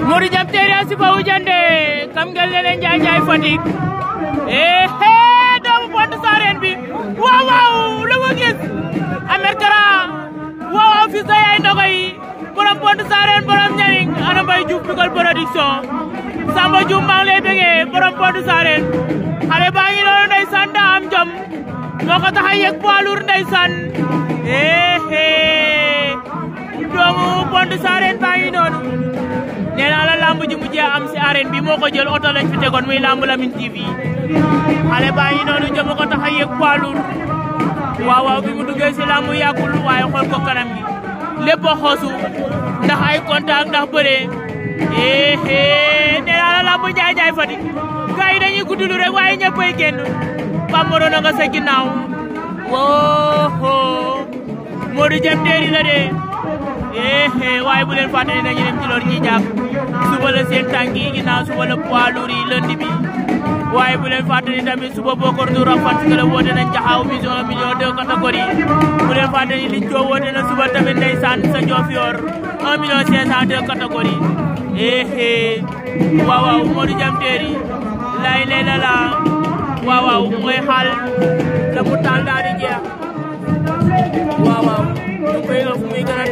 Modou Diam Terry a siba wu kam ngel nene Njaay Njaay Fatick eh, doomu Pointe Sarène bi waaw waaw lu mu gis Amet Kara waaw waaw fils de Yaay Ndogo yi borom Pointe Sarène borom ñaning ana Samba Juuf maa ngi lay bëggee borom Pointe Sarène baa ngi noonu ndeysaan daa jom moo ko tax a yegg poids lourd ndeysaan ehe doomu Pointe Sarène baa ngi teen bi moo ko jël oto lañ fi tegoon muy lamb Lamine TV xale baa ngi noonu jëm ko tax a yëg poids lourd waaw waaw bi mu duggee si lamb yàggul waaye xool ko kanam gi lépp a xoosu ndax ay contact ndax bëree eh eh nee naa la lamb Njaay Njaay Fatick gars yi dañuy guddulu rek waaye ñëppay génn Pamoro na nga sa ginnaaw woo Modou Dieng déedéet la de. eh waaye bu leen fàtte ne dañu dem ci loolu ñuy jàpp suba la seen tànk yi ginnaaw suba la poids lourd yi bi waaye bu leen tamit suba Bokar Ndour ak Fatou Seye woote nañ Jaxaaw vision million deux catégorie bu leen fàtte ni woote na suba tamit ndeysaan sa Diofior 1 million 500 deux catégorie eh waaw waaw Modou Jam Téeri lay lay la la waaw waaw mooy xaal la mu taal daal di jeex waaw waaw ñu koy fu muy gën a